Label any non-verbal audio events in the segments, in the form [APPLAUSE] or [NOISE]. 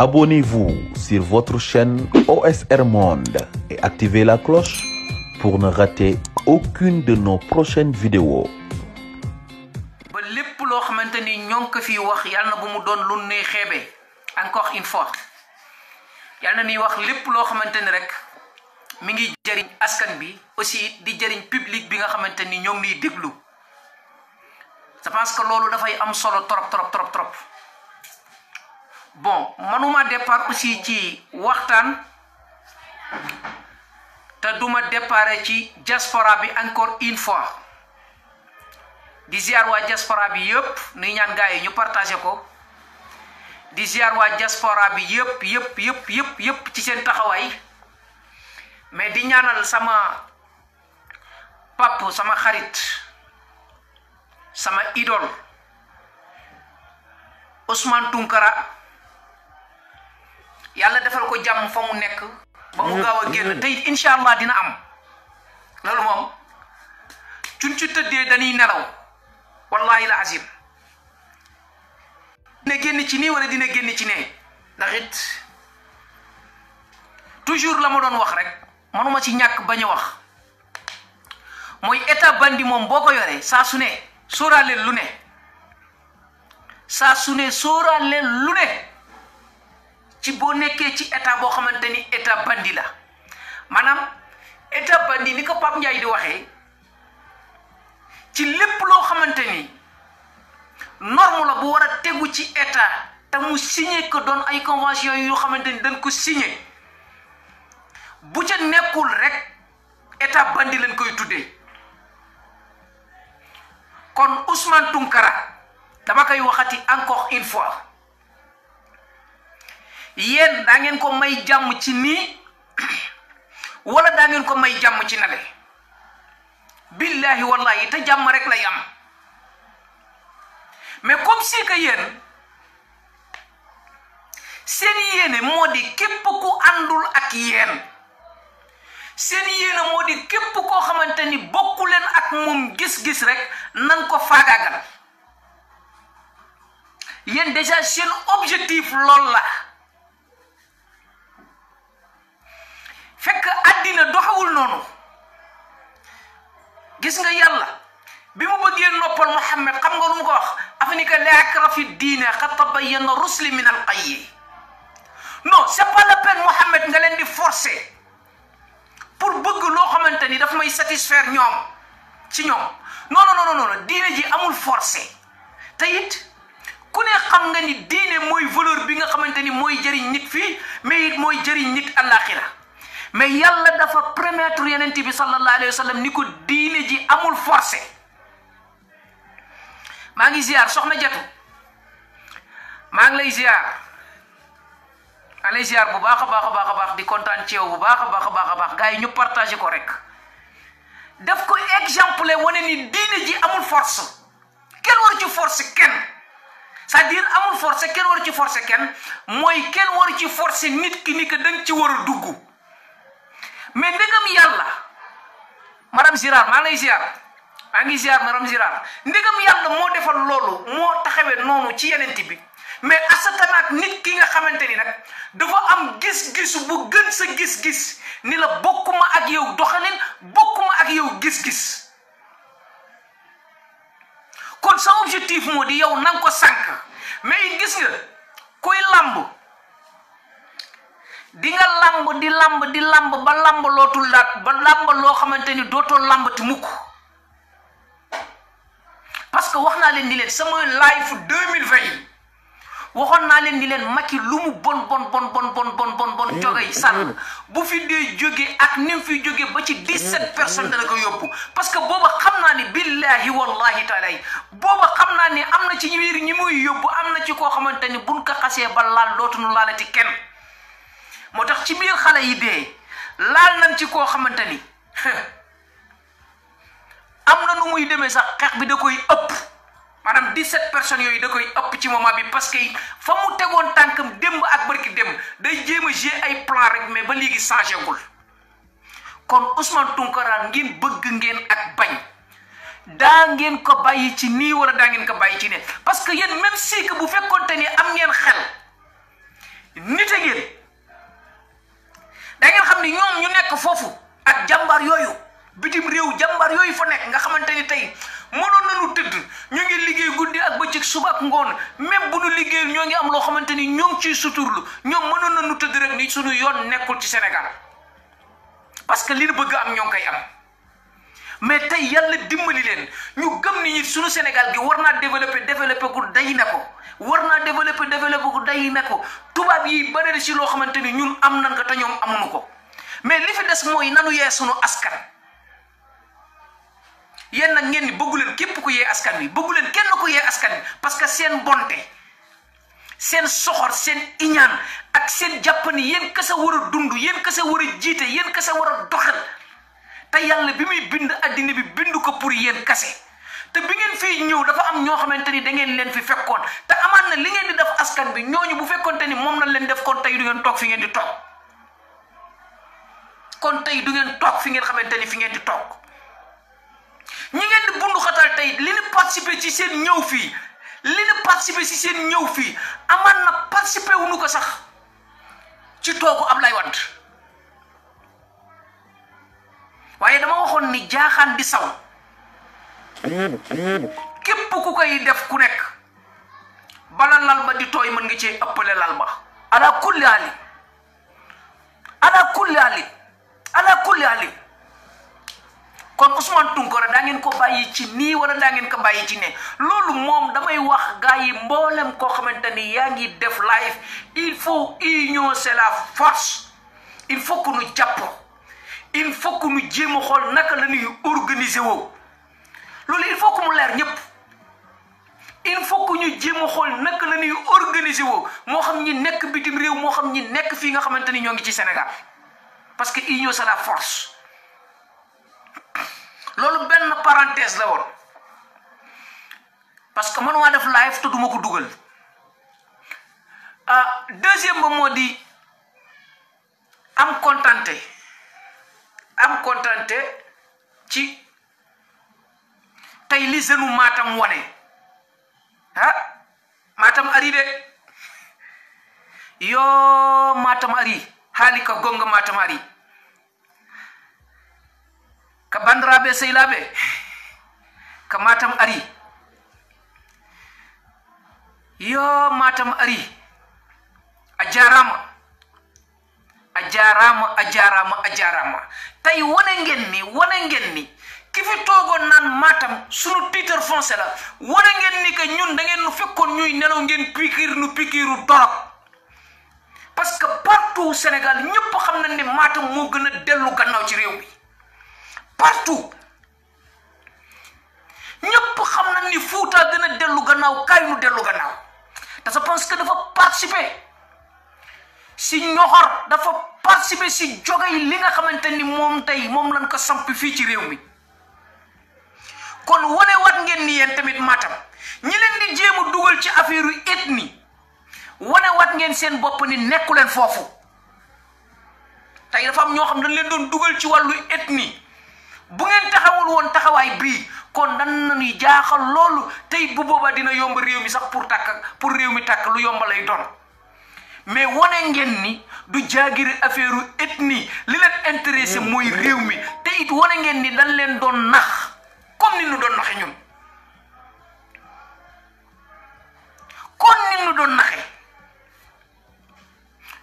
Abonnez-vous sur votre chaîne OSR Monde et activez la cloche pour ne rater aucune de nos prochaines vidéos. ba lépp loo xamante ni ñoo ko fi wax yàlla na bu mu doon lu nuy xeebe encore une fois yàlla na wax lépp loo xamante ni rek mu ngi jëriñ askan bi aussi di jëriñ public bi nga xamante ni ñoo ngi déglu je pense loolu dafay am solo trop trop trop. bon mënuma départ aussi ci waxtaan te duma départ ci diaspora bi encore une fois di ziar waa diaspora bi yëpp nuy ñaan gars yi ñu partagé ko di ziar waa diaspora bi yëpp yëpp yëpp yëpp yëpp ci seen taxawaay mais di ñaanal sama pap sama xarit sama idole Ousmane Tounkara yàlla defal ko jàmm fa mu nekk. ba mu mm-hmm. gaaw a génn mm-hmm. tey incha allah dina am. loolu moom cuñ ci tëddee dañuy nelaw wallahi la azim dina génn ci nii wala dina génn ci nee ndax it toujours la ma doon wax rek manuma ci ñàkk bañ a wax mooy état bandi moom boo ko yoree saa su ne sóoraaleel lu ne saa su ne sóoraaleel lu ne ci boo nekkee ci état boo xamante ni état bandi la maanaam état bandi ni ko Pape Ndiaye di waxee ci lépp loo xamante ni norme la bu war a tegu ci état te mu signé ko doon ay convention yoo xamante ni dañ ko signé bu ca nekkul rek état bandi lañ koy tuddee kon Ousmane Tounkara dama koy waxati encore une fois. yéen daa ngeen ko may jàmm ci nii wala daa ngeen ko may jàmm ci nale billahi wallahi te jàmm rekk lay am mais comme si que yéen seen yéene moo di képp ku àndul ak yéen seen yéene moo di képp koo xamante ni bokku ak moom gis-gis rek nan ko faagaagal yéen déjà seen objectif lool la fekk àddina doxawul noonu gis nga yàlla bi mu bëggee noppal Muhammad xam nga lu mu ko wax af ni que laa ikraha fi diine qad tabayyana rusli min al-ghayy non c'est la peine Muhammad nga leen di forcer pour bëgg loo xamante ni daf may satisfaire ñoom ci ñoom non non non ji amul forcer te it ku ne xam nga ni diine mooy valeur bi nga xamante ni mooy jëriñ nit fii mais mooy jëriñ nit àllaaxira mais yàlla dafa promettre yenent bi sallallahu alayhi wa sallam ni ko diine ji amul forcé maa ngi ziar soxna Jatu maa ngi lay ziar maa lay ziar bu baax a baax a baax a baax di kontaan ci yow bu baax a baax a baax a baax gars yi ñu partagé ko rek daf ko exemple wane ni diine ji amul force kenn war ci force kenn cest à amul force kenn war ci force kenn mooy kenn war ci force nit ki ni que danga ci war a dugg mais ndegam yàlla madame Girard maa lay ziar maa ngi ziar madame Girard ndegam yàlla moo defal loolu moo taxawee noonu ci yenent bi mais asatanaak nit ki nga xamante ni nag dafa am gis-gis bu gën sa gis-gis ni la bokkuma ak yow doxalin bokkuma ak yow gis-gis kon sa objectif moo di yow nan ko sànq mais gis nga koy làmb di nga di lamb di lamb ba lamb lootul daat ba lamb loo xamante ni dootoo lambati mukk parce que wax naa leen di leen sama live deux mille vingt yi waxoon naa leen di leen Macky lu mu bon bon bon bon bon bon bon bon jógee sànn bu fi dee jógee ak ni mu fi jógee ba ci dix-sept personnes dana ko yóbbu parce que booba xam naa ni billahi wallahi taala yi booba xam naa ni am na ci biir ñi muy yóbbu am na ci koo xamante ni buñ ko xasee ba laal dootuñu laalati kenn moo tax ci biir xale yi dee laal nañ ci koo xamante ni [LAUGHS] am na nu muy demee sax xeex bi da koy ëpp maanaam 17 personne yooyu da koy ëpp ci moment bi parce que fa mu tegoon tànk démb ak barki dem day jéem a gée ay plan rek mais ba léegi changé gul kon Ousmane Tounkara ngeen bëgg ngeen ak bañ daa ngeen ko bàyyi ci nii wala daa ngeen ko bàyyi ci ne parce que yéen même si que bu fekkoonte ni am ngeen xel nite ngeen. da ngeen xam ni ñoom ñu nekk foofu ak jàmbaar yooyu bitim réew jàmbaar yooyu fa nekk nga xamante ni tey mënoon nañu tëdd ñu ngi liggéey guddi ak bëccëg suba ak ngoon même bu ñu liggéeyul ñoo ngi am loo xamante ni ñoo ngi ciy suturlu ñoom mënoon nañu tëdd rek ni suñu yoon nekkul ci Sénégal parce que li ñu bëgg am ñoo ngi koy am. mais tey yàlla dimbali leen ñu gëm ni ñi suñu Sénégal gi war naa développé développé ku day na ko war naa développé développé ku day ne ko tubaab yi bare na si loo xamante ni ñun am nan ko te ñoom ko mais li fi des mooy nanu yee sunu askan yéen nag ngeen ni bëgguleen képp ku yee askan wi bëggu leen kenn ku yee askan bi parce que seen bonte seen soxor seen iñaan ak seen jàpp ni yéen kese war a dund yéen kese war a jiite yéen kese war a te yàlla bi muy bind addina bi bind ko pour yéen kase te bi ngeen fii ñëw dafa am ñoo xamante ni da ngeen leen fi fekkoon te amaat na li ngeen di def askan bi ñooñu bu fekkoonte ni moom lañ leen def kon tey du ngeen toog fi ngeen tey du ngeen toog fi ngeen xamante ni fi ngeen di toog ñi ngeen di bundu tey li ñu participer ci seen ñëw fii li ñu participer ci seen ñëw fii amaat na participer wuñu ko sax ci am lay Wade waaye dama waxoon ni jaaxaan di saw képp ku koy def ku nekk bala lal ma di tooy mën nga cee ëpple lal ba ala kulli ali ala kulli ali ala kulli ali kon Ousmane Tounkara daa ngeen ko bàyyi ci nii wala daa ngeen ko bàyyi ci ne loolu moom damay wax gars mboolem koo xamante ni yaa ngi def live il faut union c'est la force il faut que nu jàppoo il faut que ñu jéem a xool naka la ñuy organiser woo loolu il faut que mu leer ñëpp il faut que ñu jéem a xool naka la ñuy organiser woo moo xam ñi nekk bitim réew moo xam ñi nekk fii nga xamante ni ñoo ngi ci Sénégal parce que union c'est la force loolu benn parenthèse la woon parce que man waa def live te duma ko dugal ah deuxième ba moo di am contenté. am kontante ci tey li Matam wane ah Matam ari de yoo Matam ari haali ka gonga Matam ari ka bandiraɓe sehilaɓe ka matam ari yo matam ari a jarama a jaaraama a jaaraama a jaaraama tey wane ngeen ni wane ngeen ni ki fi toogoon naan Matam sunu titre foncier la wane ngeen ni que ñun da nu fekkoon ñuy nelaw ngeen pikiir nu pikiiru dorog parce que partout Sénégal ñëpp xam nañ ne Matam moo gën a dellu gannaaw ci réew mi partout ñëpp xam na ni Fuuta gën a dellu gannaaw kaay nu dellu gannaaw te je que dafa participer si ñoxor dafa participer si joge yi li nga xamante ni moom tey moom lañ ko samp fii ci réew mi kon wane wat ngeen ni yéen tamit Matam ñi leen di jéem a dugal ci affaire yu ethnie wane wat ngeen seen bopp ni nekku leen foofu tey dafa am ñoo xam dañ leen doon dugal ci wàllu ethnie bu ngeen taxawul woon taxawaay bii kon dan nañuy jaaxal loolu tey bu boobaa dina yomb réew mi sax pour tàkk pour réew mi tàkk lu yomb lay doon mais wane ngeen ni du jaagiri affaire ethnie li leen intéressé mm. mooy réew mi te it wane ngeen ni dañ leen doon nax comme ni ñu doon naxe ñun kon ni ñu doon naxe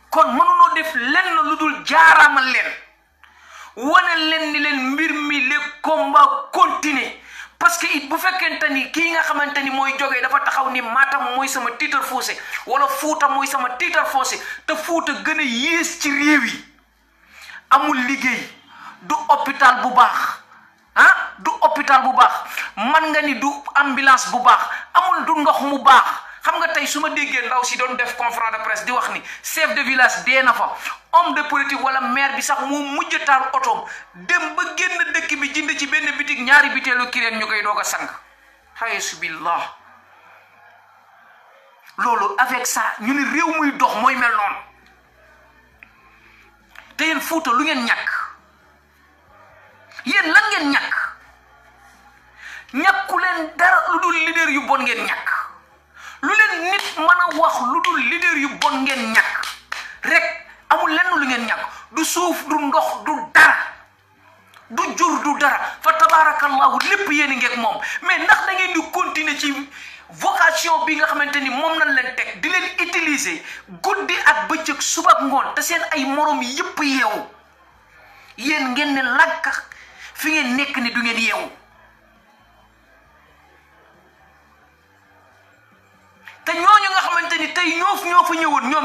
kon mënunoo def lenn lu dul jaaraama leen wane leen ni leen mbir mi le combat continue parce que it bu fekkente ni kii nga xamante ni mooy jógee dafa taxaw ni Matam mooy sama titre foncier wala Fuuta mooy sama titre foncier te Fuuta gën a yées ci réew yi amul liggéey du hôpital bu baax ah du hôpital bu baax man nga ni du ambulance bu baax amul du ndox mu baax xam nga tey su ma déggee ndaw si doon def conférence de presse di wax ni chef de village dee na fa homme de politique wala maire bi sax moo mujj taal otoom dem ba génn dëkk bi jënd ci benn bitig ñaari biteelu kireen ñu koy doog a sang xaysubillah loolu avec ça ñu ne réew muy dox mooy mel noonu te yéen Fuuta lu ngeen ñàkk yéen lan ngeen ñàkk ñàkku leen dara lu dul leader yu bon ngeen ñàkk lu leen nit mën a wax lu dul leader yu bon ngeen ñàkk rek amul lenn lu ngeen ñàkk du suuf du ndox du dara du jur du dara fa tabaarakallahu lépp yéen a moom mais ndax da ngeen di continuer ci vocation bi nga xamante ni moom lañ leen teg di leen utiliser guddi ak bëccëg suba ngoon te seen ay moroom yépp yeewu yéen ngeen ne làkk fi ngeen nekk ni du ngeen yeewu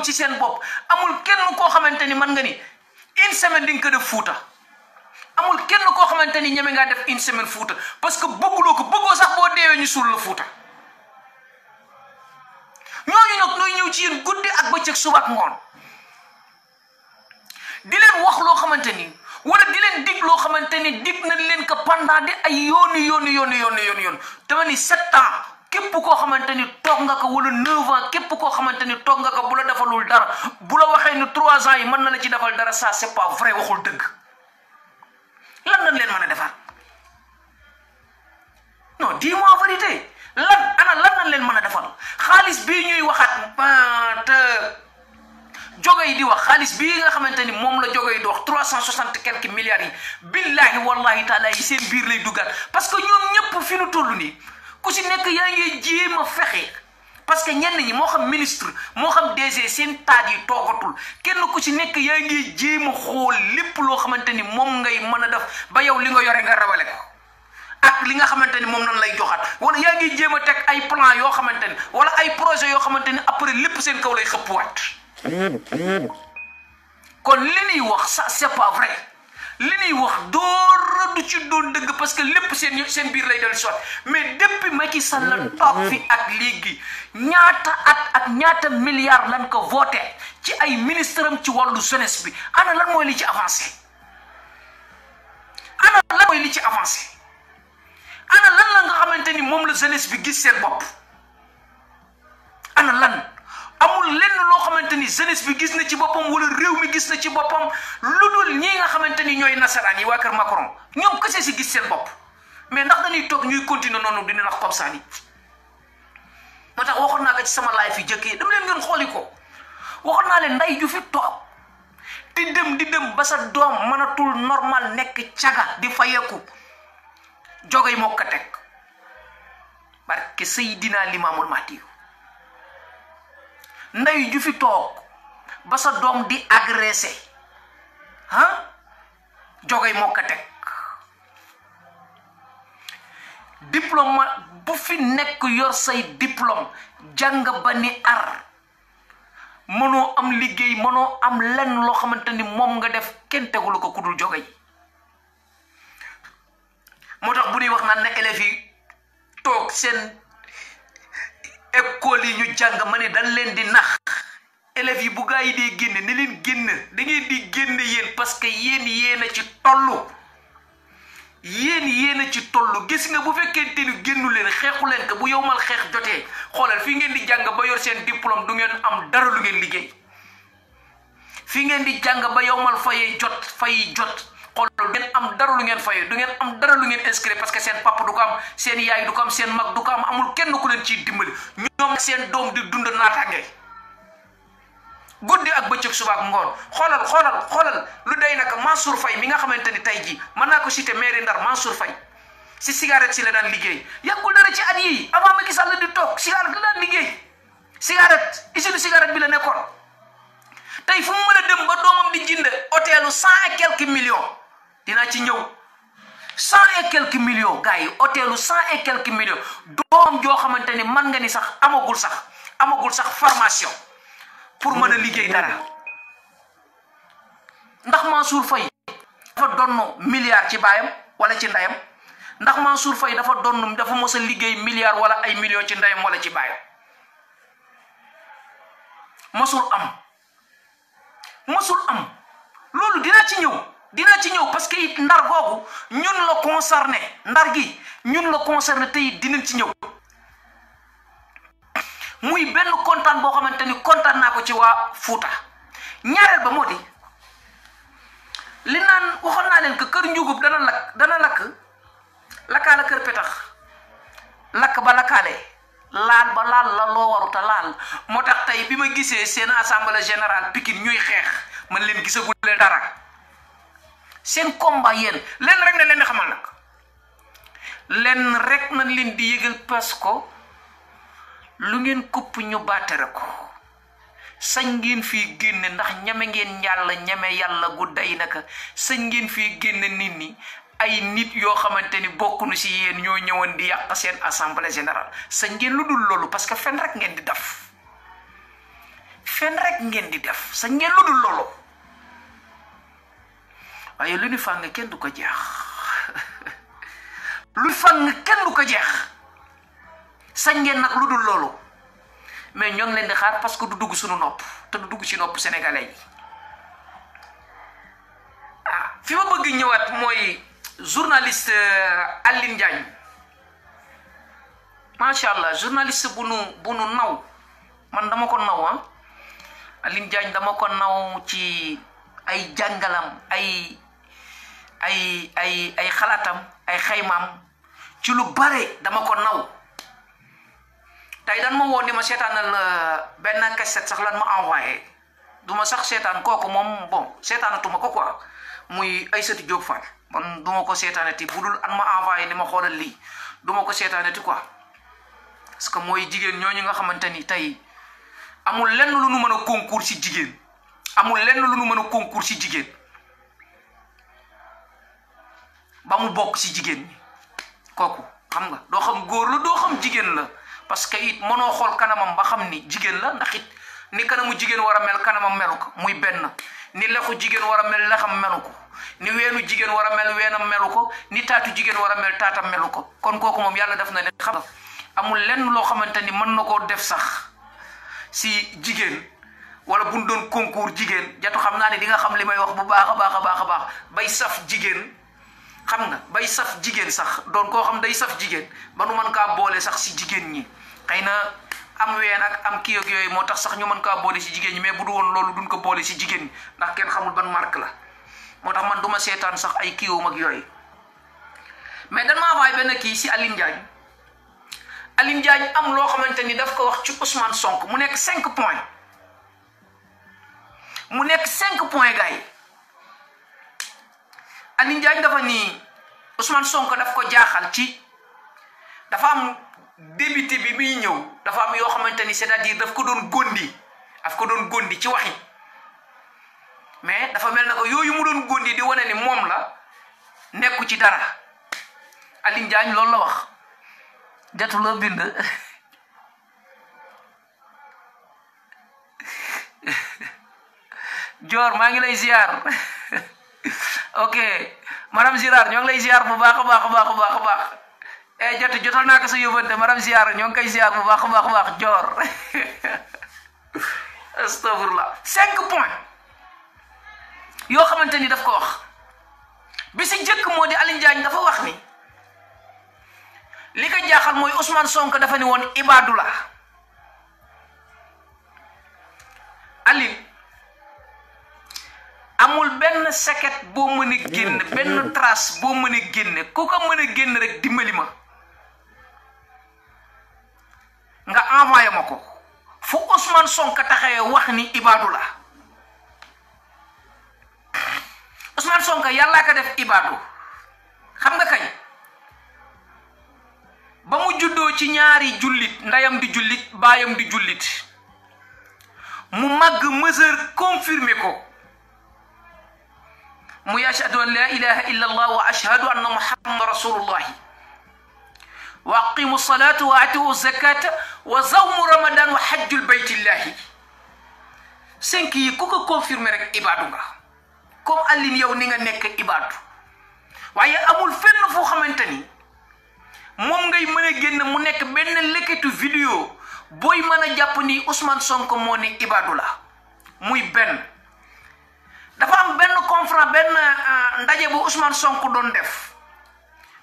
ci seen bopp amul kenn koo xamante ni mën nga ni une semaine di nga ko def fuuta amul kenn koo xamante ni ñeme ngaa def une semaine fuuta parce que bëgguloo ko bëggoo sax boo deewee ñu suul la fuuta ñooñu nag ñooy ñëw ci yéen guddi ak bëccëg suba ak ngoon di leen wax loo xamante ni wala di leen dig loo xamante ni dib nañ leen ko pendant di ay yoonu yoonu yoon yoonu yoon yoonu dama ni sept ans képp koo xamante ni toog nga ko wala neuf ans képp koo xamante ni toog nga ko bu la defalul dara bu la waxee ni trois ans yi man na la ci defal dara ça c'est pas vrai waxul dëgg lan lañ leen mën a defar non dis-moi vérité lan ana lan lañ leen mën a defal xaalis bii ñuy waxaat te joge yi di wax xaalis bii nga xamante ni moom la joge yi di wax trois cent soixante quelques milliards yi billahi wallahi taala yi seen biir lay duggaat parce que ñoom ñëpp fi lu tollu nii. ku si nekk yaa ngi jéem a fexe parce que ñenn ñi moo xam ministre moo xam DG seen taat yi toogatul kenn ku si nekk yaa ngi jéem a xool lépp loo xamante ni moom ngay mën a def ba yow li nga yore nga rawale ko ak li nga xamante ni moom nan lay joxaat wala yaa ngi jéem a teg ay plan yoo xamante ni wala ay projet yoo xamante ni après lépp seen kaw lay xëpp xëppuwaat mm-hmm. Mm-hmm. kon li ñuy wax ça c'est pas vrai. li ñuy wax dóor ci doon dëgg parce que lépp seen seen biir lay dellu soit mais depuis Macky Sall la hmm. toog fi hmm. ak léegi ñaata at ak ñaata milliards lañ ko voté ci ay ministre ci wàllu jeunesse bi ana lan mooy li ci avancé ana li ci avancé ana lan la nga xamante ni moom la jeunesse bi gis seen bopp ana lan amul lenn loo xamante ni jeunesse bi gis na ci boppam wala réew mi gis na ci boppam lu dul ñi nga xamante ni ñooy nasaraan yi waa kër Macron ñoom kese si gis seen bopp mais ndax dañuy toog ñuy continuer noonu dina nax comme ça ni moo tax waxoon naa ko ci sama live yi jëkk yi dama leen ngeen xooli ko waxoon naa leen nday ju fi toog di dem di dem ba sa doom mënatul normal nekk caga di fayeeku joge moo ko teg barke Seydina Limaamul Mahdi ndey ju fi toog ba sa doom di agressé ah jogay moo ko teg diplomate bu fi nekk yor say diplôme jàng ba ni ar mënoo am liggéey mënoo am lenn loo xamante ni moom nga def kenn tegul ko ku kudul jogay moo tax bu ñuy wax naan na élèves yi toog seen école yi ñu jàng ma ne dañ leen di nax élèves yi bu gaa yi dee génne ni leen génn da ngeen di génn yéen parce que yéen yéen a ci tollu yéen yéen a ci tollu gis nga bu fekkente ni génnu leen xeexu leen ko bu yowmal xeex jotee xoolal fi ngeen di jàng ba yor seen diplôme du ngeen am dara lu ngeen liggéey fi ngeen di jàng ba yowmal fayee jot fay jot xool du ngeen am dara lu ngeen fay du ngeen am dara lu ngeen inscrire parce que seen papa du ko am seen yaay du ko am seen mag du ko am amul kenn ku leen ciy dimbali ñoom seen doom di dund naataange guddi ak bëccëg suba ak ngoon xoolal xoolal xoolal lu day nag Mansour Faye mi nga xamante ni tey jii mën naa ko cité maire Ndar Mansour Faye si cigarette si la daan liggéey yàggul dara ci at yii avant Macky Sall di toog cigarette la daan liggéey cigarette usine cigarette bi la nekkoon tey fu mu mën a dem ba doomam di jënd hôtelu cent et quelques millions. dinaa ci ñëw cent et quelques millions gars yi hôtelu cent et quelques millions doom joo xamante ni man nga ni sax amagul sax amagul sax formation pour mën a liggéey dara ndax Mansour Faye dafa donn milliard ci baayam wala ci ndeyam ndax Mansour Faye dafa donn dafa mos a liggéey milliard wala ay millions ci ndeyam wala ci baayam mosul am mosul am loolu dinaa ci ñëw dina ci ñëw parce que it ndar googu ñun la concerné ndar gi ñun la concerné te it dinañ ci ñëw muy benn kontaan boo xamante ni kontaan naa ko ci waa Fuuta ñaareel ba moo di li naan waxoon naa leen que kër njugub dana lakk dana lakk lakkaala kër petax lakk ba lakkaale laal ba laal la loo waruta laal moo tax tey bi ma gisee seen assemblée général Pikine ñuy xeex mën leen gisagulee dara seen combat yéen lenn rek na leen di xamal nag lenn rek na leen di yégal parce lu ngeen kupp ñu baatere ko sañ ngeen fii génn ndax ñeme ngeen yàlla ñame yàlla gu day naka sañ ngeen fii génne nit ñi ay nit yoo xamante ni bokkuñu ci yéen yoo ñëwoon di yàq seen assemblée général sa ngeen lu dul loolu parce que fen rek ngeen di def fenn rek ngeen di def sañ ngeen lu dul loolu waaye lu ñu fàng kenn du ko jeex lu fàng kenn du ko jeex sañ ngeen nag lu dul loolu mais ñoo leen di xaar parce que du dugg suñu nopp te du dugg ci nopp sénégalais yi ah fi ma bëgg ñëwaat mooy journaliste euh, Aline Diagne macha allah journaliste bu nu bu nu naw man dama ko naw ah Aline Diagne dama ko naw ci ay jàngalam ay ay ay ay xalaatam ay xaymaam ci lu bare dama ko naw tey dan ma woo ni ma seetaanal euh, benn keset sax lan ma envoyé du sax seetaan kooku moom bon seetaanatuma ko quoi muy Aïssatou Diop Fall man du ko seetaanati bu dul an ma envoyé ni ma xoolal lii du ma ko seetaanati quoi parce que mooy jigéen ñooñu nga xamante ni tey amul lenn lu nu mën a concours si jigéen amul lenn lu nu mën a concours si jigéen ba mu bokk si jigéen ñi kooku xam nga doo xam góor la doo xam jigéen la parce que it mënoo xool kanamam ba xam ni jigéen la ndax it ni kanamu jigéen war a mel kanamam melu ko muy benn ni lexu jigéen war a mel lexam melu ko ni weenu jigéen war a mel weenam melu ko ni taatu jigéen war a mel taatam melu ko kon kooku moom yàlla def na ne xam nga amul lenn loo xamante ni mën na koo def sax si jigéen wala bu doon concours jigéen jatu xam naa ne di nga xam li may wax bu baax a baax a baax a baax bay saf jigéen xam nga bay saf jigéen sax doon koo xam day saf jigéen ba nu mën kaa boole sax si jigéen ñi xëy na am ween ak am kii ak yooyu moo tax sax ñu mën kaa boole si jigéen ñi mais bu du woon loolu duñ ko boole si jigéen ndax kenn xamul ban marque la moo tax man du ma seetaan sax ay kiiwam ak yooyu mais dan maa waay benn kii si Aline Diagne Aline Diagne am loo xamante ni daf ko wax ci Ousmane Sonko mu nekk cinq points mu nekk cinq point gars yi Aly Ndiaye dafa nii Ousmane Sonko daf ko jaaxal ci dafa am débuté bi muy ñëw dafa am yoo xamante ni cest à daf ko doon gondi daf ko doon gondi ci waxi mais dafa mel na ko yooyu mu doon gondi di wane ni moom la nekku ci dara Aly Ndiaye loolu la wax jotu la bind Dior [LAUGHS] maa ngi lay ziar [LAUGHS] ok madame Girard ñoo ngi lay ziar bu baax a baax a baax a baax a eh, jot jotal naa ko sa yóbbante madame Girard ñoo ngi koy ziar bu baax baax baax joor [LAUGHS] yoo xamante ni daf ko wax bi si njëkk moo di Alioune Diagne dafa wax ni li ko jaaxal mooy Ousmane sonk dafa ni woon Ibadula Alioune amul benn seket boo mën génn benn trace boo mën a génne ku mën a génn rek dimbali ma nga envoyé ma ko fu Ousmane Sonko taxawee wax ni ibaadu la Ousmane Sonko yàllaa ko def ibaadu xam nga kañ ba mu juddoo ci ñaari jullit ndeyam di jullit baayam di jullit mu màgg mesure confirmé ko muy ashhadu an laa ilaha illa allah wa ashhadu anna muhammadan rasulullah wa aqimu salata wa atiu zakata wa zawmu ramadan wa hajjul baytillahi cinq yi ku ko confirmé rek ibaadu nga comme Alioune yow ni nga nekk amul fenn foo xamante ni moom ngay mën a génn mu nekk benn lekkitu vidéo booy mën a jàpp ni Ousmane Sonko muy benn dafa am benn conférence benn euh, ndaje bu Ousmane sonk doon def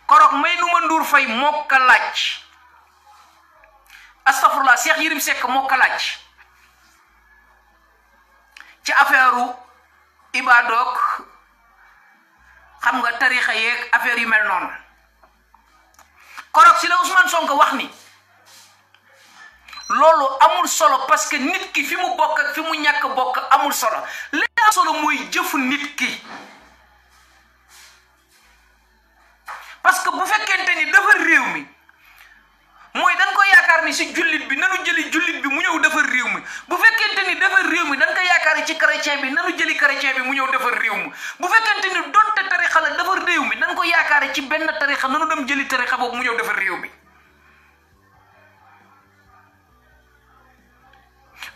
korok may nu ma nduur fay moo ko laaj astafurlah Cheikh Yirim Seck moo ko ci affaire ibadook xam nga tarixa yeeg affaire yu mel noonu korok si la Ousmane Sonko wax ni loolu amul solo parce que nit ki fi mu bokk ak fi mu ñàkk bokk amul solo am solo mooy jëfu nit ki parce que bu fekkente ni defar réew mi mooy dañ ko yaakaar ni si jullit bi nanu jëli jullit bi mu ñëw defar réew mi bu fekkente ni defar réew mi dañ ko yaakaar ci chrétien bi nanu jëli chrétien bi mu ñëw defar réew mi bu fekkente ni donte tarixa la defar réew mi dañ ko yaakaar ci benn tarixa nanu dem jëli tarixa boobu mu ñëw defar réew mi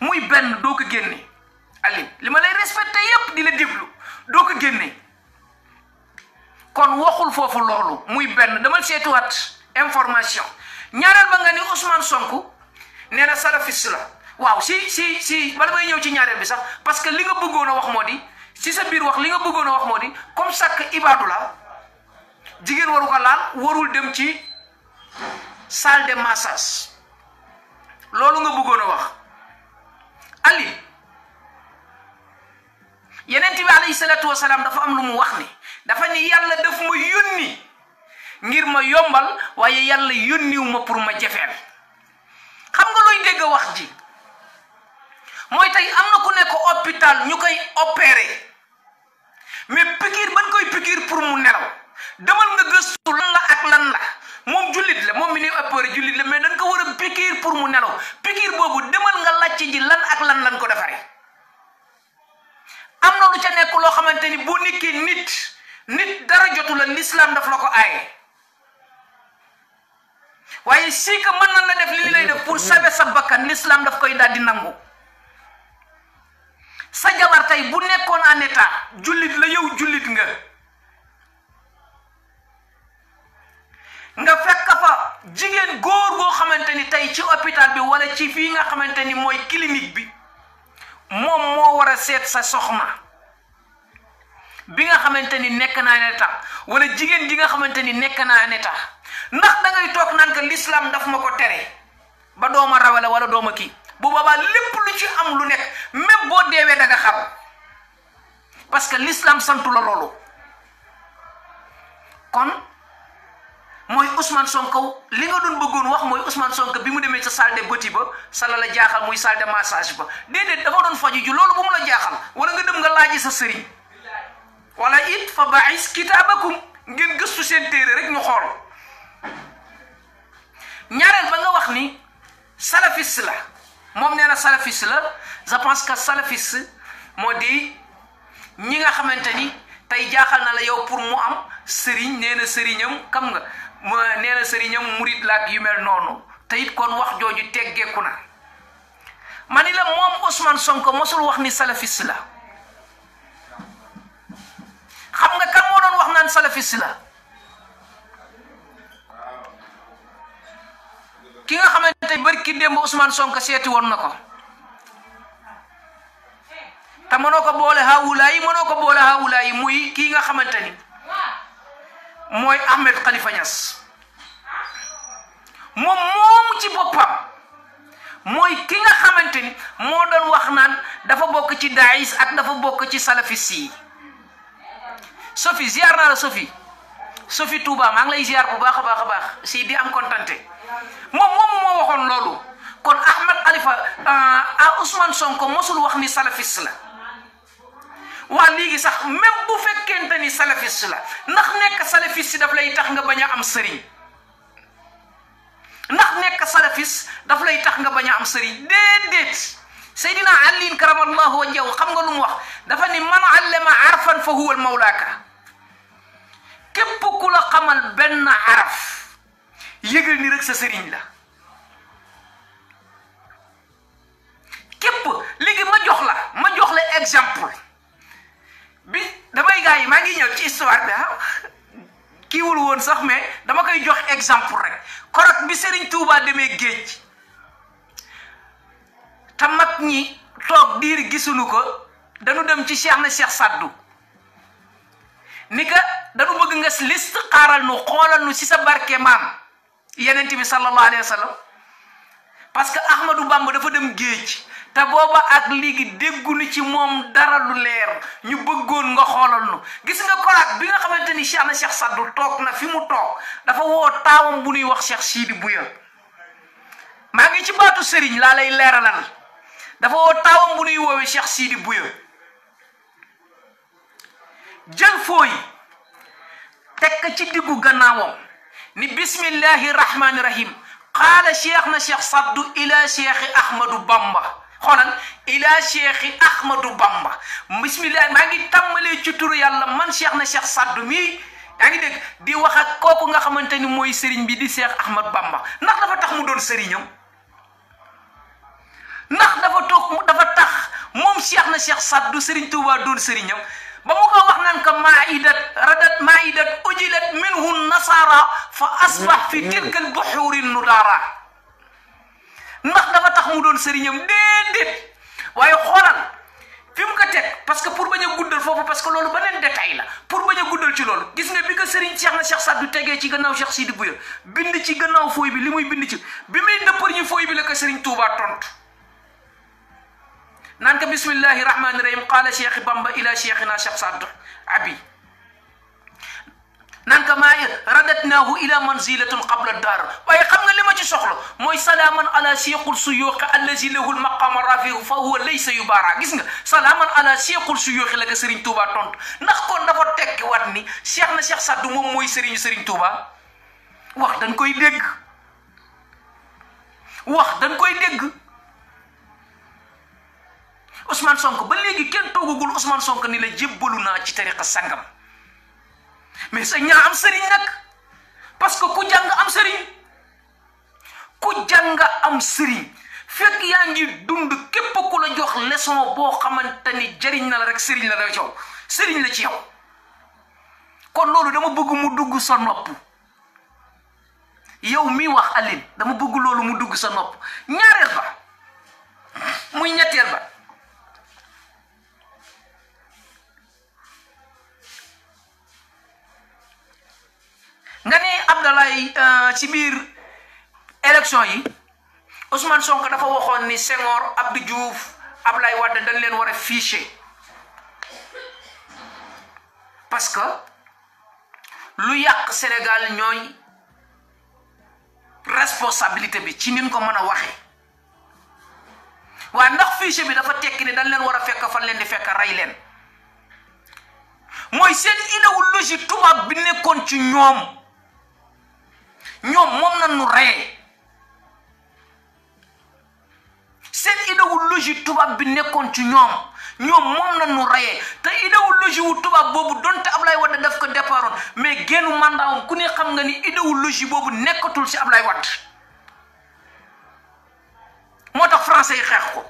muy benn doo ko génne Aliou li ma lay respecté yépp di la déglu doo ko génnee kon waxul foofu loolu muy benn dama seetuwaat information ñaareel ba nga ni Ousmane Sonko nee na salafiste la waaw si si si bala may ñëw ci ñaareel bi sax parce que li nga bëggoon a wax moo di si sa biir wax li nga bëggoon a wax moo di comme sàkk ibaadu la jigéen waru ko laal warul dem ci salle de massage loolu nga bëggoon a wax Ali yeneen bi alayhi salaatu wasalaam dafa am lu mu wax ni dafa ni yàlla def ma yónni ngir ma yombal waaye yàlla yónniwu ma pour ma jafeel xam nga looy dégg wax ji mooy tey am na ku nekk hôpital ñu koy opéré mais pikiir ban koy pikiir pour mu nelaw demal nga gëstu lan la ak lan la moom jullit la moom mi ni opéré jullit la mais dañ ko war a pikiir pour mu nelaw pikiir boobu demal nga làcc ji lan ak lan lan ko defaree am na lu ca nekk loo xamante ni bu nit nit nit dara jotu la lislaam daf la ko aaye waaye si que mën na la def li ñu lay def pour sabe sa bakkan lislaam daf koy daal di nangu sa jabar tey bu nekkoon en état jullit la yow jullit nga nga fekk fa jigéen góor goo xamante ni tey ci hôpital bi wala ci fii nga xamante ni mooy kilinik bi moom moo war a seet sa sox ma bi nga xamante ni nekk naa en état wala jigéen ji nga xamante ni nekk naa en tax ndax dangay toog naan que l'islam daf ma ko tere ba dooma rawale wala dooma kii bu boobaa lépp lu ci am lu nekk même boo deewee da nga xam parce que l'islam santu la loolu kon mooy Ousmane Sonko li nga doon bëggoon wax mooy Ousmane Sonko bi mu demee sa salle de beauty ba sala la jaaxal muy salle de massage ba déedéet dafa doon faju ju loolu bu mu la jaaxal wala nga dem nga laaji sa sëriñ wala it fa baais kitaabakum ngeen gëstu seen téere rek ñu xool ñaareel ba nga wax ni salafiste la moom nee na la je pense que salafiste moo di ñi nga xamante ni tey jaaxal na la yow pour mu am sëriñ nee na sëriñam xam nga mu nee na sëriñam murit laak yu mel noonu te it kon wax jooju teg teggeeku na ma la moom Ousmane sonk mosul wax ni salafis la xam nga kan moo doon wax naan salafis la ki nga xamante ni barki démb Ousmane Sonko seeti woon na ko te mënoo ko boole hawulaay muy kii nga xamante ni mooy Ahmed Khalifa Niass moom moomu ci boppam mooy ki nga xamante ni moo doon wax naan dafa bokk ci daayis ak dafa bokk ci salafis yi Sophie ziar naa la Sophie Sophie Touba maa ngi lay ziar bu baax a baax a baax si di am kontante moom moomu moo waxoon loolu kon Ahmed Khalifa ah Ousmane mosul wax ni salafis la. waa léegi sax même bu fekkente ni salafiste la ndax nekk salafiste daf lay tax nga bañ a am sëriñ ndax nekk salafiste daf lay tax nga bañ a am sëriñ déedéet Seydina Ali karamallahu wajhahu xam nga lu mu wax dafa ni man allama arfan fa huwa mawlaaka képp ku la xamal rek sa sëriñ la képp léegi ma jox la ma jox la exemple bi damay gars yi maa ngi ñëw ci histoire bi ah kii wul woon sax mais dama koy jox exemple rek korot bi Serigne Touba demee géej te mag ñi toog diir gisuñu ko dañu dem ci Cheikh na Cheikh Saddu ni ka dañu bëgg nga liste xaaral nu xoolal nu si sa barke maam yeneen bi sallallahu alayhi wa sallam parce que Ahmadou Bamba dafa dem géej te booba ak léegi déggunu ci moom dara lu leer ñu bëggoon nga xoolal nu gis nga koraat bi nga xamante ni Cheikh na Cheikh Saddu toog na fi mu toog dafa woo taawam bu nuy wax Cheikh Sidi Bouya maa ngi ci baatu Serigne laa lay leeralal dafa woo taawam bu nuy woowee Cheikh Sidi fooy tekk ci diggu gannaawam ni bismillahi rahmaani rahim qaala Cheikh na Cheikh Saddu ila Cheikh Ahmadou Bamba xoolal ilaa cheikhi bamba bismillah maa ngi tàmmalee ci yàlla man cheikh na cheikh saddu mii yaa ngi dégg di wax ak kooku nga xamante ni mooy sëriñ bi di cheikh ahmadu bamba ndax dafa tax mu doon sëriñam ndax dafa toog dafa tax moom cheikh na cheikh saddu sëriñ tuubaa doon sëriñam ba mu ko wax naan ko maidat radat maidat ujilat minhu nasara fa asbax fi tilkal buxuuri nudaara ndax dafa tax mu doon sëriñam déedéet waaye xoolal fi mu ko teg parce que pour bañ a guddal foofu parce que loolu beneen détail la pour bañ a guddal ci loolu gis nga bi ko sëriñ Cheikh na Cheikh Saddu tegee ci gannaaw Cheikh Sidi Bouya bind ci gannaaw fooy bi li muy bind ci bi muy ndëppar ñu fooy bi la ko sëriñ Touba tontu naan ko bismillahi rahmaani rahim qaala Cheikh Bamba ila Cheikhina Cheikh Saddu abi naan ka maa radatnaahu ila manzilatin qabla daar waaye xam nga li ma ci soxla mooy salaaman ala cheikhul suyuuxi allazi lahul maqaama rafihu fa huwa laysa yubaara gis nga salaaman ala cheikhul suyuuxi la nga Serigne Touba tontu ndax kon dafa tekki wat ni cheikh na cheikh Saddu moom mooy Serigne Serigne Touba wax dañ koy dégg wax dañ koy dégg Ousmane Sonko ba léegi kenn toogagul usman Sonko ni la jébbalu naa ci tariqa sangam. mais sëñ ñaa am sëriñ nag parce que ku jàng am sëriñ ku jàng am sëriñ fekk yaa ngi dund képp ku la jox leçon boo xamante ni jëriñ na la rek sëriñ la da ci yow la ci yow kon loolu dama bëgg mu dugg sa nopp yow mi wax Aline dama bëgg loolu mu dugg sa nopp ñaareel ba muy ñetteel ba nga ni Abdoulaye euh, ci biir élection yi Ousmane Sonko dafa waxoon ni Senghor Abdou Diouf Abdoulaye Wade dañ leen war a fiché parce que lu yàq Sénégal ñooy responsabilité bi ci nin ko mën a waxe waaye ndax fiché bi dafa tekki ni dañ leen war a fekk fan leen di fekk rey leen mooy seen idéologie tubaab bi nekkoon ci ñoom. ñoom moom na nu rey seen idéologie tubaab bi nekkoon ci ñoom ñoom moom na nu reyee te idéologie wu tubaab boobu donte lay Wade def ko départoon mais génnu mandaawam ku ne xam nga ni idéologie boobu nekkatul si lay Wade moo tax français yi xeex ko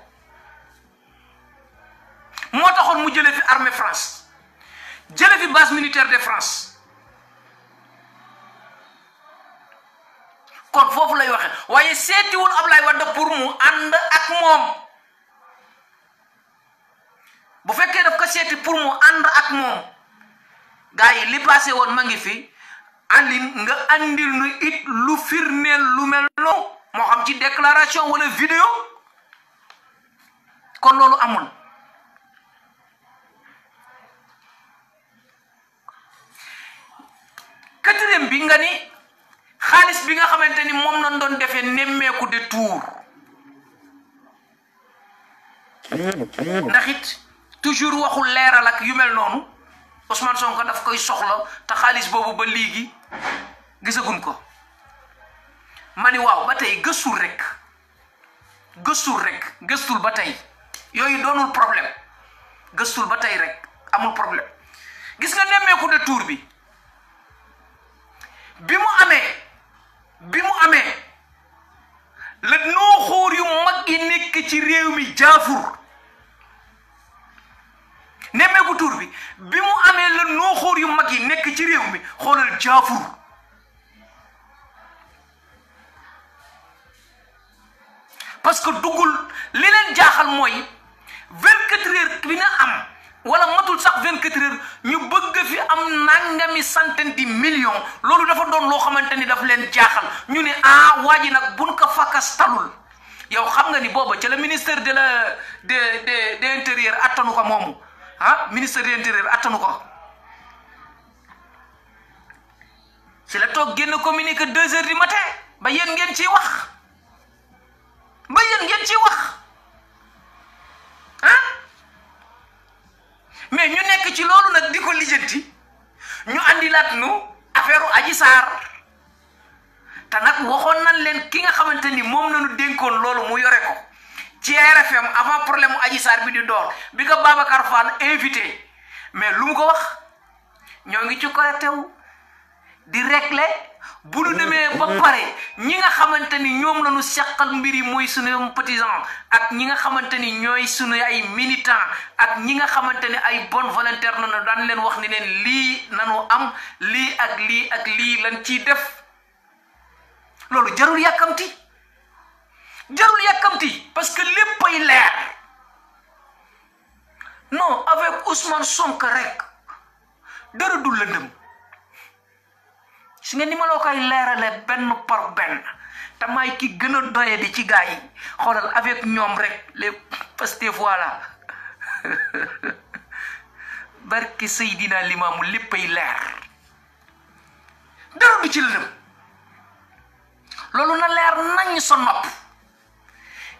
moo taxoon mu jële fi armée France jëlee fi base militaire de France kon foofu lay waxe waaye seetiwul lay Wade pour mu ànd ak moom bu fekkee daf ko seeti pour mu ànd ak moom gars yi li passé woon ma ngi fi Aline nga andil nu it lu firndeel lu mel noonu moo xam ci déclaration wala vidéo kon loolu amul quatrième bi nga ni xaalis bi nga xamante ni moom lañ doon defee nemmeeku de tour ndax it toujours waxul leeral ak yu mel noonu Ousmane Sonko daf koy soxla te xaalis boobu ba léegi gisaguñ ko ma ni waaw ba tey gëstul rek gëstul rek gëstul ba tey yooyu doonul problème gëstul ba tey rek amul problème gis nga nemmeeku de tour bi bi mu amee bi mu amee la nooxóor yu mag nekk ci réew mi jaafur nemmeeku tur bi bi mu amee la nooxóor yu mag yi nekk ci réew mi xoolal jaafur parce que duggul li leen jaaxal mooy vingt-quatre heures bi na am wala matul sax 24 heures ñu bëgg fi am nangami centaine di million loolu dafa doon loo xamante ni daf leen jaaxal ñu ne ah waa ji nag buñ ko fakastalul yow xam nga ni booba ca la ministère de la de de intérieur attanu ko moomu ah ministère de l'intérieur attanu ko ci la toog génn communiqué deux heures du matin ba yéen ngeen ciy wax ba yéen ngeen ciy wax. mais ñu nekk ci loolu nag di ko lijjanti ñu andilaat nu affaire aji saar te nag waxoon nañ leen ki nga xamante ni moom nañu dénkoon loolu mu yore ko ci RFM avant problème aji saar bi di door bi ko Babacar Fall invité mais lu mu ko wax ñoo ngi ci correcté wu di réglé bu nu demee ba pare ñi nga xamante ni ñoom la seqal mbir yi mooy suñu partisans ak ñi nga xamante ni ñooy suñu ay militants ak ñi nga xamante ni ay bonne volonté lañu daan leen wax ni leen lii nanu am lii ak lii ak lii lan ciy def loolu jarul yàkkamti jarul yàkkamti parce que léppay leer non avec Ousmane sonk rek dara du lëndëm su nga ni ma koy leerale benn par benn te may ki gën a doye di ci gars yi xoolal avec ñoom rek les Pastef voilà [LAUGHS] barki Seydina Limaamu léppay leer dara du ci lëndëm loolu na leer nañ sa nopp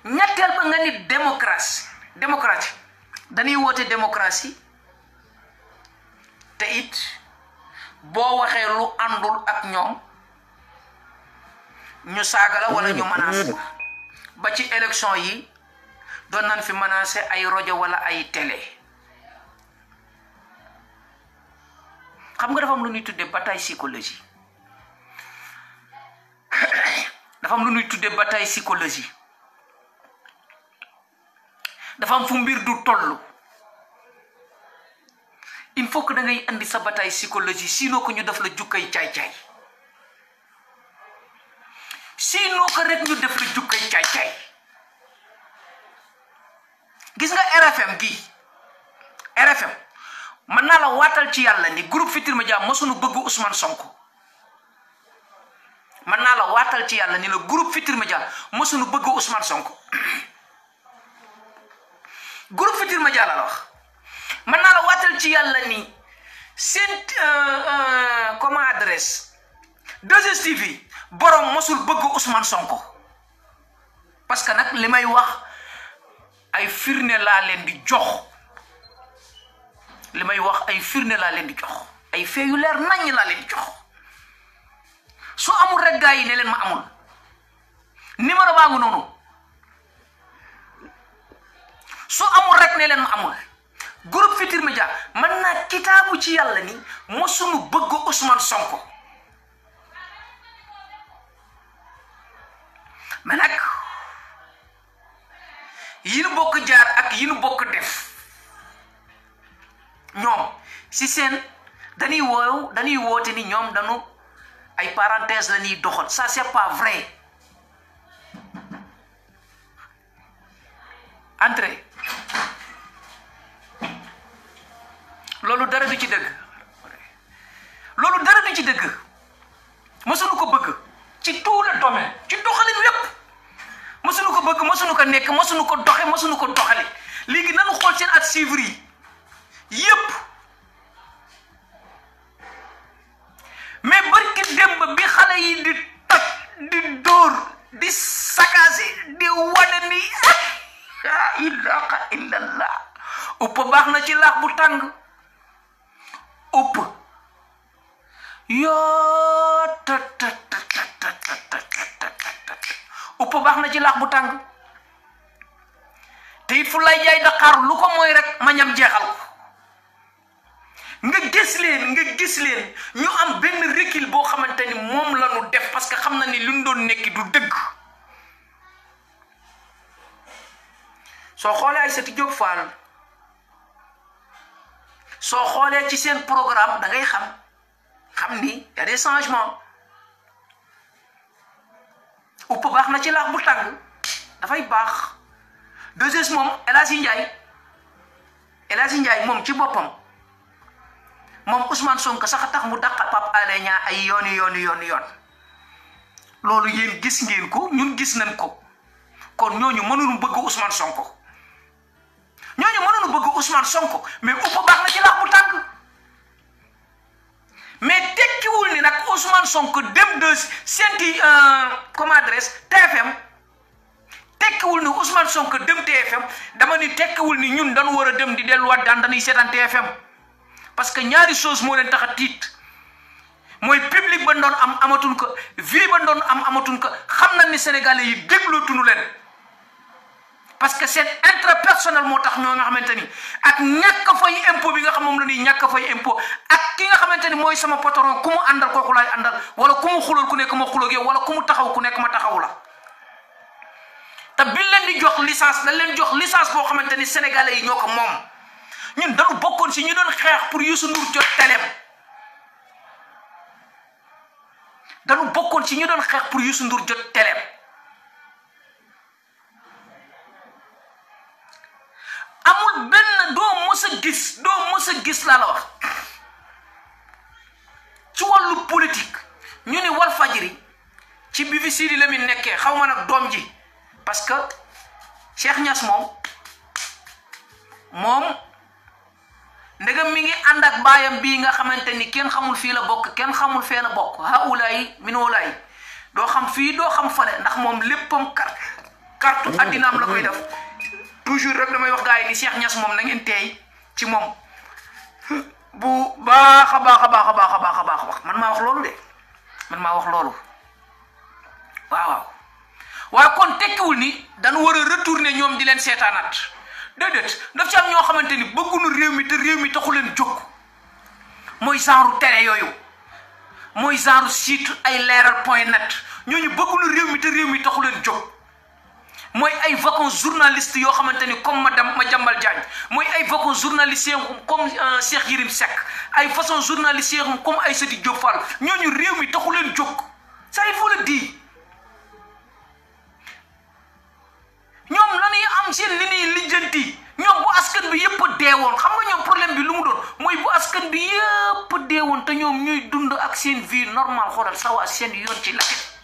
ñetteel ba nga ni démocratie démocratie dañuy woote démocratie te it boo waxee lu àndul ak ñoom ñu saaga la wala ñu menacé ba ci élection yi doon nañ fi menacé ay rajo wala ay télé xam nga defam am lu ñuy tuddee bataille psychologie dafa am lu ñuy tuddee bataille psychologie dafa am fu mbir du toll il faut que da ngay andi sa bataille psychologie ko ñu def la jukkay caay-caay sinon gis nga RFM gii RFM mën naa la waatal ci yàlla ni groupe Futurs Médias masuñu bëgg Ousmane Sonko mën naa la waatal ci yàlla ni la groupe Futurs Médias masuñu Sonko [COUGHS] groupe Futurs waatal ci yàlla ni seen euh, euh, comment adresse 2STV borom mosul bëgg Sonko parce que nag li may wax ay firnde laa leen jox li may wax ay firnde laa leen di jox ay fee yu leer naññ laa jox su amul rek gaa ma amul numéro baa ngi noonu su amul rek ne ma amul groupe Futurs Médias man naa kitaabu ci yàlla ni moo suñu bëgg Ousmane Sonko mais nag yi nu bokk jaar ak yi nu bokk def ñoom si seen dañuy woow dañuy woote ni ñoom dañu ay parenthèse la ñuy sa ça pas vrai entrez loolu dara bi ci dëgg loolu dara du ci dëgg mësuñu ko bëgg ci tout le ci doxalin lépp mësuñu ko bëgg mësuñu ko nekk mësuñu ko doxe mësuñu ko doxali léegi nanu xool seen at suivre yi yépp mais barki démb bi xale yi di toj di dóor di sakasi di wane ni la [LAUGHS] ilaha illallah upp baax na ci laax bu tàng upp yoo baax na ci laax bu tàng te it fu lay jaay daqaar lu ko mooy rek ma ñam jeexal nga gis leen nga gis leen ñu am benn recul boo xamante ni moom la def parce que xam na ni lu ñu doon nekki du dëgg soo xoolee Aïssatou Diop Fall soo xoolee ci seen programme da ngay xam xam ni y a des changements upp baax na ci laax bu tàgg dafay baax deuxième moom El Hadji Ndiaye El moom ci boppam moom Ousmane Sonko sax tax mu dàqal Pape Alé Niang ay yoon yooni yooni yoon loolu yéen gis ngeen ko ñun gis nañ ko kon ñooñu mu bëgg Ousmane Sonko ñooñu mënoon bëgg Ousmane Sonko mais upp baax na ci laax bu tàgg mais tekkiwul ni nag Ousmane Sonko dem de seenti euh, comment adresse TFM tekkiwul ni Ousmane sonk dem te TFM dama ni tekkiwul ni ñun dañu war a dem di delluwaat daan dañuy seetaan TFM parce que ñaari chose moo leen tax a tiit mooy public ba doon am amatul ko vie ba doon am amatuñ ko xam na ni sénégalais yi déglootunu leen parce que seen intérêt personnel moo tax ñoo nga xamante ni ak ñàkk a fay impôt bi nga xam moom la ñuy ñàkk a fay impôt ak ki nga xamante ni mooy sama patron ku mu àndal kooku laay àndal wala ku mu xulal ku nekk ma xulóog yow wala ku mu taxaw ku nekk ma taxaw la. te bi leen di jox licence dañ leen jox licence boo xamante ni sénégalais yi ñoo ko moom ñun dañu bokkoon si ñu doon xeex pour yu su Ndour jot teleem dañu bokkoon ci ñu doon xeex pour Youssou Ndour jot teleem. amul benn doo mës gis doo mës gis laa la wax ci wallu politik ñu ni wal fajiri ci bi la Sidi nekkee xaw ma nag doom ji parce que Cheikh Niass moom moom ndegam mi ngi ànd ak baayam bii nga xamante ni kenn xamul fii la bokk kenn xamul fee la bokk haulaay minulaay doo xam fii doo xam fale ndax moom léppam kar kartu addinaam la koy def toujours rek damay wax gars yi ni Cheikh Niass moom na ngeen teey ci moom bu baax a baax a baax a baax a baax a baax wax man maa wax loolu de man maa wax loolu waaw waaw waaye kon tekkiwul ni dañu war a retourner ñoom di leen seetaanaat déedéet daf ci am ñoo xamante ni bëgguñu réew mi te réew mi taxu leen jóg mooy genre télé yooyu mooy genre site ay leeral point net ñooñu bëgguñu réew mi te réew mi taxu leen jóg. mooy ay vacances journaliste yoo xamante ni comme ma Madiambal Diagne mooy ay vacances journaliste comme euh, Cheikh Yérim Seck ay façon journaliste comme Aïssatou Diop Fall ñooñu réew mi taxu leen jóg ça il faut le dire ñoom la ñuy am seen li li lijjanti ñoom bu askan bi yëpp deewoon xam nga ñoom problème bi lu mu doon mooy bu askan bi yëpp deewoon te ñoom ñuy dund ak seen vie normale xoolal sawa seen yoon ci laket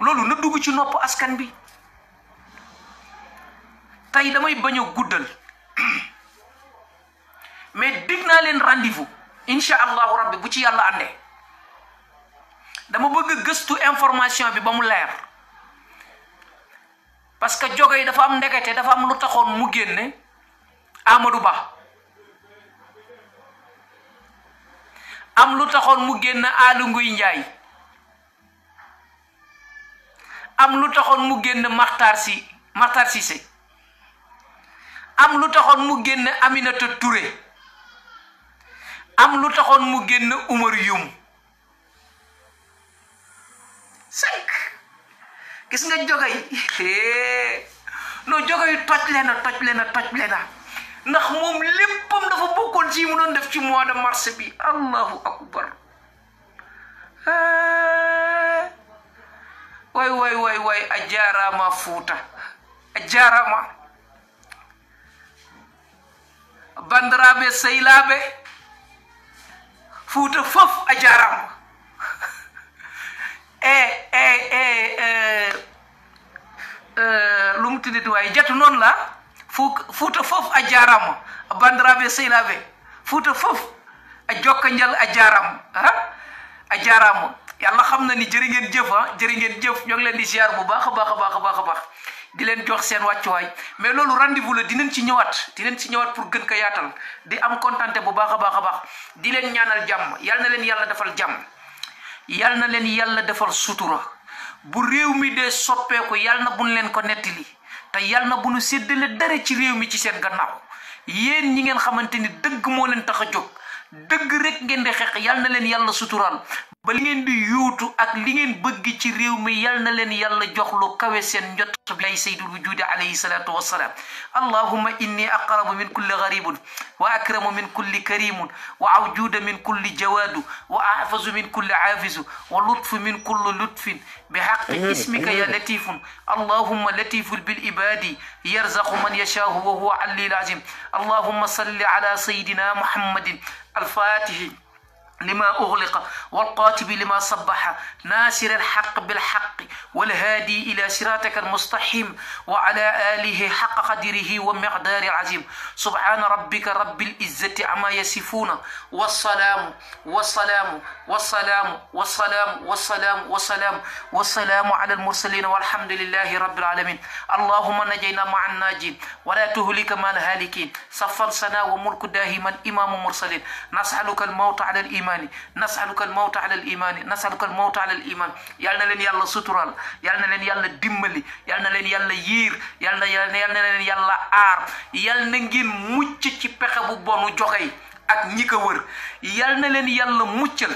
loolu na dugg ci nopp askan bi tey damay bañ guddal mais dig naa leen rendez-vous incha allahu rabbi bu ci yàlla àndee dama bëgg gëstu information bi ba mu leer parce que joge yi dafa am ndekete dafa am lu taxoon mu génne Amadou Ba am lu taxoon mu génn Aly Ngouille njaay am lu taxoon mu génn Makhtar Sy am lu taxoon mu génn Aminata Touré am lu taxoon mu génn Umar Yum cinq gis nga joge yi non joge yu toj leen a toj leen toj leen ndax moom léppam dafa bokkoon ci mu doon def ci mois de mars bi allahu akbar waay waay waay waay a jaaraama fuuta a jaaraama bandiraɓe sehilaɓe fuuta fof a jarama e e e lumtinidi way noon la fuuta fof a jarama bandiraɓe sehilaɓe fuuta fof a jokka njal a jarama ha ah, a jarama yàlla xam na ni jërë ngeen jëf ah jërë ngeen jëf ñoo ngi leen di ziar bu baax a baax a baax a baax a baax di leen jox seen wàccuwaay mais loolu rendez-vous la dinañ ci ñëwaat dinañ ci ñëwaat pour gën ko yaatal di am kontante bu baax a baax a baax di leen ñaanal jàmm yal na leen yàlla defal jàmm yal na leen yàlla defal sutura bu réew mi dee soppeeku yal na buñ leen ko nettali te yal na bu nu séddale dara ci réew mi ci seen gannaaw yéen ñi ngeen xamante ni dëgg moo leen tax a jóg. dëgg rek ngeen di xeex yal na leen yàlla suturaal ba li ngeen di yuutu ak li ngeen bëgg ci réew mi yal na leen yàlla jox lu kawe seen njot bilay saydul wujudi alayhi salaatu wassalaam allahuma inni aqrabu min kulli garibun wa akramu min kulli karimun wa awjuda min kulli jawaadu wa aafazu min kulli aafisu wa lutfu min kulli lutfin bi xaqi eh, ismika ya eh. latifun allahuma latifun bil ibadi yarzaqu man yashaahu wa huwa alil azim allahuma salli ala sayidina muhammadin الفاتح لما أغلق والقاتب لما صبح ناصر الحق بالحق والهادي إلى صراطك المستحيم وعلى آله حق قدره ومقدار العظيم سبحان ربك رب العزة عما يصفون والسلام والسلام والسلام والسلام والسلام والسلام والسلام على المرسلين والحمد لله رب العالمين اللهم نجينا مع الناجين ولا تهلك ما الهالكين صفا سنا وملك داهما إمام مرسلين نسألك الموت على الإيمان imaani nasaluka al mawta ala al imaani nasaluka al mawta ala al imaan yal na leen yàlla suturaal yal na leen yàlla dimbali yal na leen yàlla yiir yal na yal na leen yàlla aar yal na ngeen mucc ci pexe bu bonu joxe ak ñi ko wër yal na leen yàlla muccal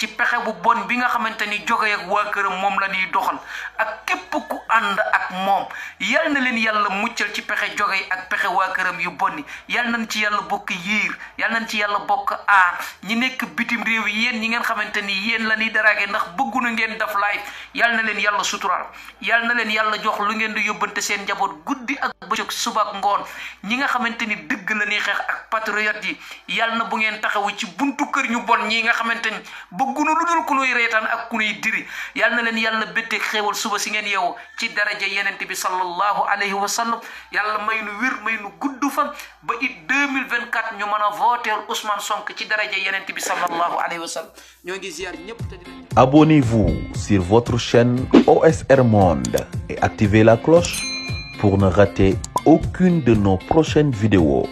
ci pexe bu bon bi nga xamante ni jóge ak waa këram moom la ñuy doxal ak képp ku ànd ak moom yal na leen yàlla muccal ci pexe jóge ak pexe waa këram yu bon yi yal nañ ci yàlla bokk yiir yal nañ ci yàlla bokk aar ñi nekk bitim réew yéen ñi ngeen xamante ni yéen la ñuy daraage ndax bëggu na ngeen def live yal na leen yàlla suturaal yal na leen yàlla jox lu ngeen di yóbbante seen njaboot guddi ak bëccëg suba ngoon ñi nga xamante ni dëgg la ñuy xeex ak patriote yi yal na bu ngeen taxawu ci buntu kër ñu bon ñi nga xamante ni bëggunu lu dul ku nuy reetaan ak ku nuy diri yal na leen yàlla bétteeg xéewal suba si ngeen yeewu ci daraja yenente bi sallallahu alayhi wa sallam yàlla may nu wér may nu gudd fan ba it 2024 ñu mën a voter Ousmane Sonko ci daraja yenente bi sallallahu alayhi wa sallam ñoo ngi ziar ñëpp te di Abonnez-vous sur votre chaîne OSR Monde et activez la cloche pour ne rater aucune de nos prochaines vidéos.